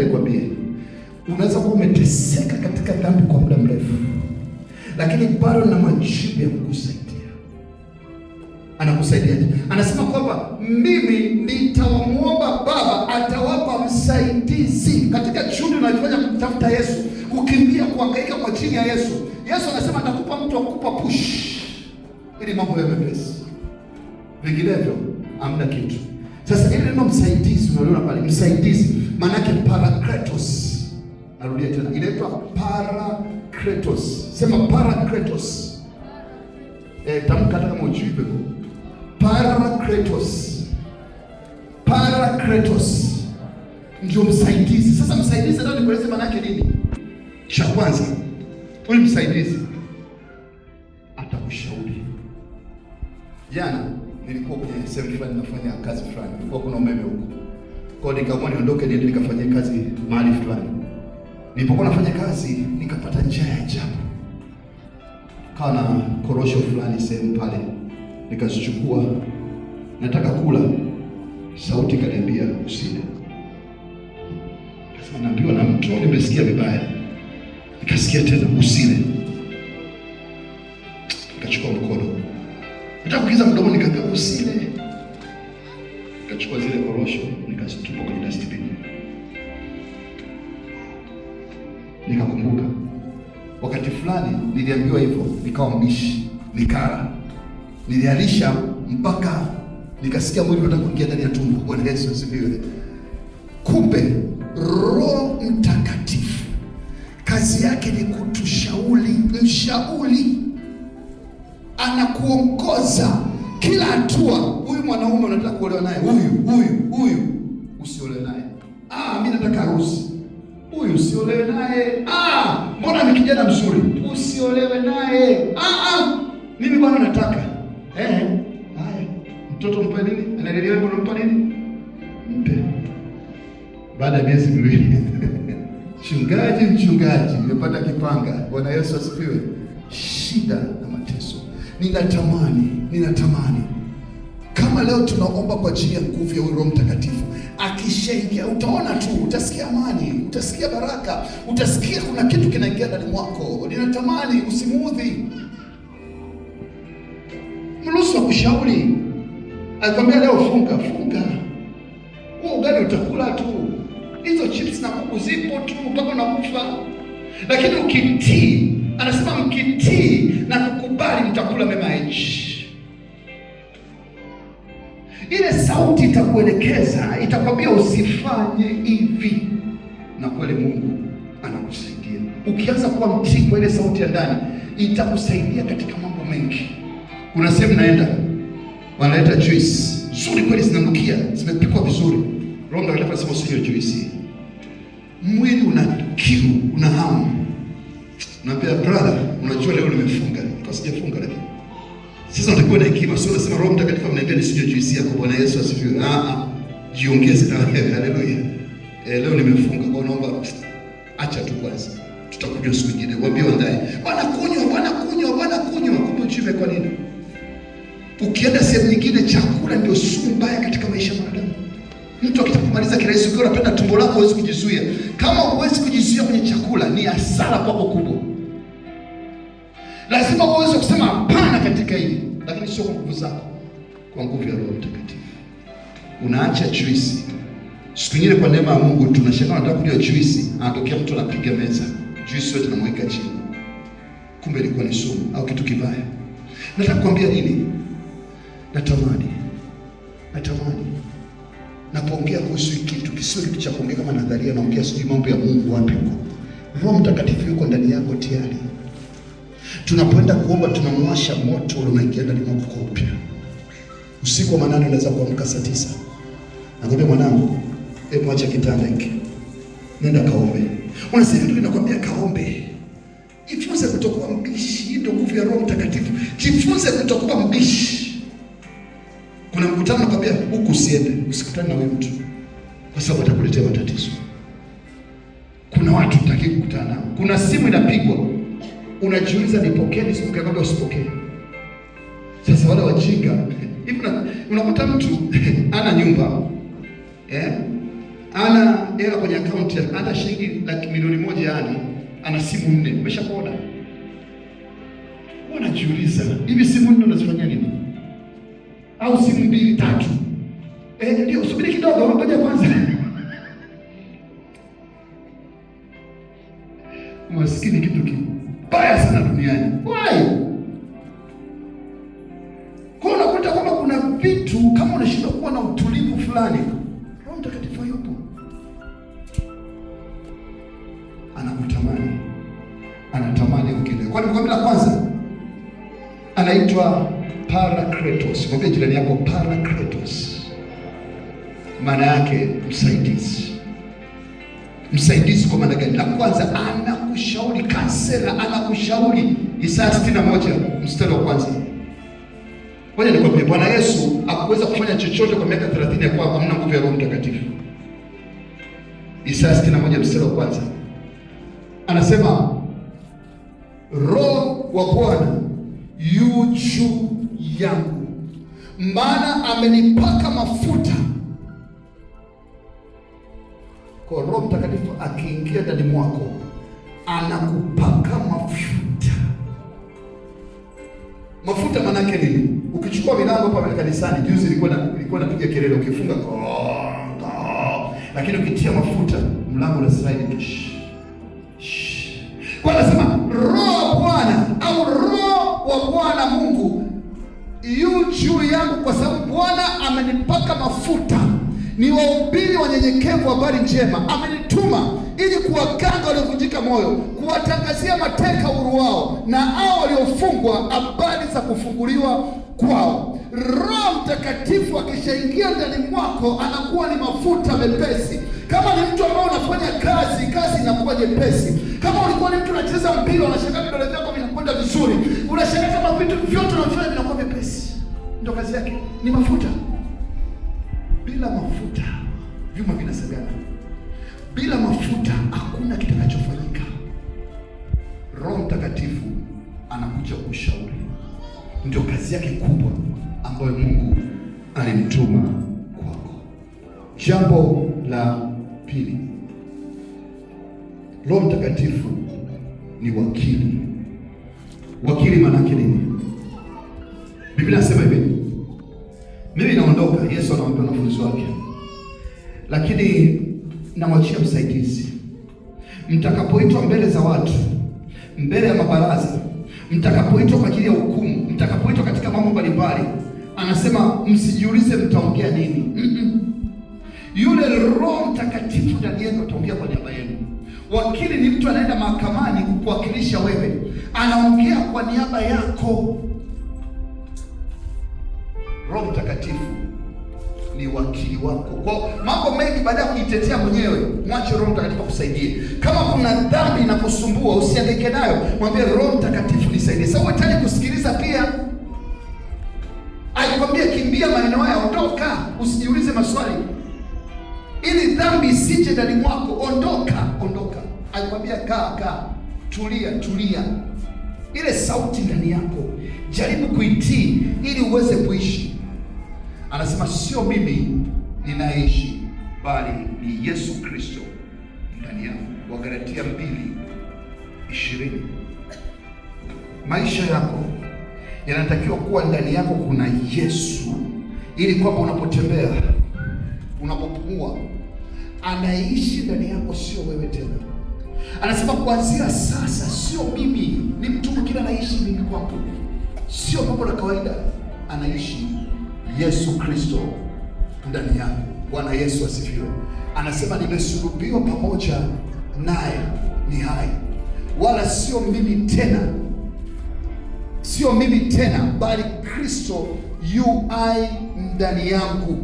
Nikwambie, unaweza kuwa umeteseka katika dhambi kwa muda mrefu, lakini bado na majibu ya kukusaidia. Anakusaidia, anasema kwamba mimi nitamwomba Baba, atawapa msaidizi. Katika juhudi unajifanya kumtafuta Yesu, kukimbia, kuhangaika kwa chini ya Yesu, Yesu anasema atakupa mtu akupa push ili mambo yawe mepesi, vinginevyo hamna kitu. Sasa ile neno msaidizi, unaona pale msaidizi Maanake parakletos, narudia tena, inaitwa parakletos. Sema parakletos, eh, tamka hata kama ujui pepo. Parakletos, parakletos ndio msaidizi. Sasa msaidizi ndio nikueleze maana yake nini. Cha kwanza, huyu msaidizi atakushauri. Jana nilikuwa kwenye sehemu fulani nafanya kazi fulani, kulikuwa kuna umeme huko kwa nikaamua niondoke niende nikafanye kazi mahali fulani. Nilipokuwa nafanya kazi nikapata njia ya ajabu. Kawa na korosho fulani sehemu pale, nikazichukua nataka kula, sauti kaniambia usile. Kasema naambiwa na mtu, nimesikia vibaya, nikasikia tena usile. Nikachukua mkono nataka kuingiza mdomo, nikaambia usile. Nikachukua zile korosho tupo kwenye dustbin. Nikakumbuka wakati fulani niliambiwa hivyo, nikawa mbishi, nikala, nilialisha mpaka nikasikia mwili unataka kuingia ndani ya tumbo. Bwana Yesu asifiwe. Kumbe Roho Mtakatifu kazi yake ni kutushauri, mshauri, anakuongoza kila hatua. Huyu mwanaume unataka kuolewa naye, huyu huyu huyu usiole naye. Ah, mimi nataka harusi. Huyu usiolewe naye. Ah, mbona ni kijana mzuri? Usiolewe naye. Ah ah, mimi bwana nataka. Eh. Haya. Mtoto mpe nini? Anaelewa mbona mpa nini? Mpe. Baada ya miezi miwili. Mchungaji, mchungaji, nimepata kipanga. Bwana Yesu asifiwe. Shida na mateso. Ninatamani, ninatamani. Kama leo tunaomba kwa ajili ya nguvu ya Roho Mtakatifu ukishaingia utaona tu, utasikia amani, utasikia baraka, utasikia kuna kitu kinaingia ndani mwako. Ninatamani usimuudhi. Mruhusu akushauri, alikwambia leo funga, funga huo ugali, utakula tu hizo chips na kuku, zipo tu mpaka unakufa. Lakini ukitii, anasema mkitii na kukubali, mtakula mema ya nchi ile sauti itakuelekeza, itakwambia usifanye hivi, na kweli Mungu anakusaidia. Ukianza kuwa mtii kwa ile sauti ya ndani, itakusaidia katika mambo mengi. Kuna sehemu naenda, wanaleta juice nzuri kweli, zinanukia, zimepikwa vizuri, Roho Mtakatifu anasema usinywe juice. Mwili una kiu, una hamu, naambia brother, unajua leo nimefunga, kwa sijafunga lakini sasa utakuwa na hekima, sio unasema Roho Mtakatifu ameniambia nisije juisi yako. Bwana Yesu asifiwe. Ah ah. Jiongeze na wewe. Haleluya. Eh, leo nimefunga kwa naomba acha tu kwanza. Tutakuja siku nyingine. Waambie wandae. Bwana wandaye. Wanakunywa, wanakunywa, wanakunywa. Kumbe chime kwa nini? Ukienda sehemu nyingine chakula ndio sumu mbaya katika maisha ya mwanadamu. Mtu akitakumaliza kirahisi, ukiwa unapenda tumbo lako huwezi kujizuia. Kama huwezi kujizuia kwenye chakula ni hasara kwako kubwa. Lazima uweze kusema hapana katika hili, lakini sio kwa nguvu zako, kwa nguvu ya Roho Mtakatifu. Unaacha juisi. Siku nyingine kwa neema ya Mungu tunashangaa, nataka kunywa juisi, anatokea mtu anapiga meza, juisi yote tunamweka chini, kumbe ilikuwa ni sumu au kitu kibaya. Nataka kukwambia nini? Natamani, natamani napoongea kuhusu hiki kitu kisio kitu cha kuongea kama nadharia, naongea sijui mambo ya Mungu wapi huko. Roho Mtakatifu yuko ndani yako tayari Tunapoenda kuomba tunamwasha moto ule unaingia ndani mwako kwa upya. Usiku wa manane unaweza kuamka saa tisa. Nakwambia mwanangu, hebu acha kitanda hiki. Nenda kaombe. Unasema ndio nakwambia kaombe. Jifunze kutokuwa mbishi, ndio nguvu ya Roho Mtakatifu. Jifunze kutokuwa mbishi. Kuna mkutano nakwambia huku usiende, usikutane na huyo mtu. Kwa sababu atakuletea matatizo. Kuna watu utaki Kuna simu inapigwa unajiuliza nipokee nisipokee, kwamba usipokee. Sasa wale wajinga hivi, unakuta mtu ana nyumba eh, ana hela kwenye akaunti, ana shilingi laki milioni moja, yani ana simu nne. Umeshakuona? Unajiuliza hivi simu nne unazifanyia nini? Au simu mbili tatu? Eh, ndio subiri kidogo, ngoja kwanza maskini kitu ki mbaya sana duniani. Why? Kwa unakuta kwamba kuna vitu kama unashindwa kuwa na utulivu fulani, Roho Mtakatifu yupo anakutamani, anatamani ukelewe. Kwani kwa kwanza anaitwa Parakletos. Mwambie jirani yako Parakletos, maana yake msaidizi msaidizi. Kwa maana gani? La kwanza, anakushauri kansela, anakushauri Isaya 61 mstari wa kwanza. Ngoja nikwambie, Bwana Yesu hakuweza kufanya chochote kwa miaka 30 ya kwako, hamna nguvu ya Roho Mtakatifu. Isaya 61 mstari wa kwanza anasema Roho wa Bwana yu juu yangu, maana amenipaka mafuta akiingia ndani mwako anakupaka mafuta. Mafuta manake nini? Ukichukua milango hapa pale kanisani, juzi ilikuwa na ilikuwa napiga kelele, ukifunga lakini ukitia mafuta mlango na slide. Kwa nasema roho Bwana au roho wa Bwana Mungu yu juu yangu, kwa sababu Bwana amenipaka mafuta ni wahubiri wanyenyekevu habari njema. Amenituma ili kuwakanga waliovunjika moyo, kuwatangazia mateka uhuru wao, na hao waliofungwa habari za kufunguliwa kwao. Roho Mtakatifu akishaingia ndani mwako anakuwa ni mafuta mepesi. Kama ni mtu ambaye unafanya kazi, kazi inakuwa nyepesi. Kama ulikuwa ni mtu unacheza mpira, unashangaa vidole vyako vinakwenda vizuri, unashangaa kama vitu vyote unafanya vinakuwa vyepesi. Ndio kazi yake, ni mafuta. Bila mafuta vyuma vinasagana, bila mafuta hakuna kitakachofanyika. Roho Mtakatifu anakuja kushauri, ndio kazi yake kubwa ambayo Mungu alimtuma kwako. Jambo la pili, Roho Mtakatifu ni wakili. Wakili maana yake nini? Biblia nasema hivi mimi naondoka, Yesu anawapa wanafunzi wake, lakini namwachia msaidizi. Mtakapoitwa mbele za watu, mbele ya mabaraza, mtakapoitwa kwa ajili ya hukumu, mtakapoitwa katika mambo mbalimbali, anasema msijiulize mtaongea nini. mm -mm. Yule Roho Mtakatifu ndani yenu ataongea kwa niaba yenu. Wakili ni mtu anaenda mahakamani kukuwakilisha wewe, anaongea kwa niaba yako. ni wakili wako. Kwa mambo mengi, baada ya kujitetea mwenyewe, mwache Roho Mtakatifu akusaidie. Kama kuna dhambi inakusumbua, usihangaike nayo, mwambie Roho Mtakatifu nisaidie. Sasa unataka kusikiliza pia, alikwambia kimbia maneno haya, ondoka, usijiulize maswali ili dhambi isije ndani mwako. Ondoka, ondoka. Alikwambia kaa, kaa, tulia, tulia ile sauti ndani yako, jaribu kuitii ili uweze kuishi. Anasema sio mimi ninaishi, bali ni Yesu Kristo ndani yangu. Wagalatia mbili ishirini. Maisha yako yanatakiwa kuwa ndani yako kuna Yesu, ili kwamba unapotembea, unapopumua, anaishi ndani yako, sio wewe tena. Anasema kuanzia sasa, sio mimi ni mtu mwingine anaishi mimi kwangu, sio mambo la kawaida, anaishi Yesu Kristo ndani yangu. Bwana Yesu asifiwe. Anasema nimesulubiwa pamoja naye, ni hai, wala sio mimi tena, sio mimi tena, bali Kristo yu hai ndani yangu.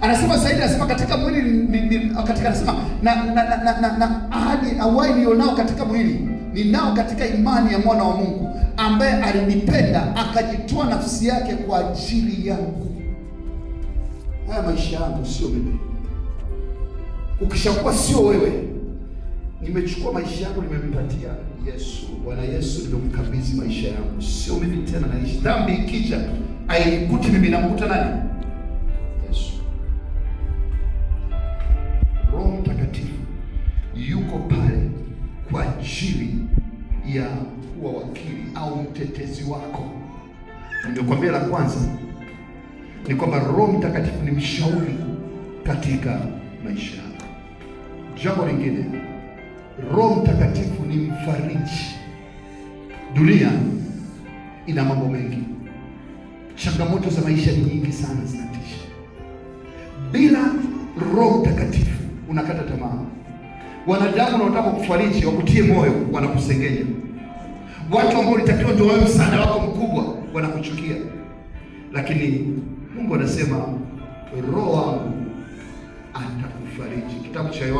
Anasema zaidi, anasema katika mwili, katika anasema na na na ahadi awali nionao katika mwili, ninao katika imani ya mwana wa Mungu ambaye alinipenda akajitoa nafsi yake kwa ajili yangu. Haya maisha yangu sio mimi. Ukishakuwa sio wewe, nimechukua maisha yangu nimempatia Yesu. Bwana Yesu ndio maisha yangu, sio mimi tena naishi. Dhambi ikija ainikuti mimi, namkuta nani? kuwa wakili au mtetezi wako. Nilikwambia la kwanza ni kwamba Roho Mtakatifu ni mshauri katika maisha yako. Jambo lingine, Roho Mtakatifu ni mfariji. Dunia ina mambo mengi, changamoto za maisha ni nyingi sana, zinatisha. Bila Roho Mtakatifu unakata tamaa. Wanadamu wanaotaka kufariji wakutie moyo wanakusengenya watu ambao ulitakiwa ndio wewe msaada wako mkubwa wanakuchukia, lakini Mungu anasema roho wangu atakufariji. Kitabu cha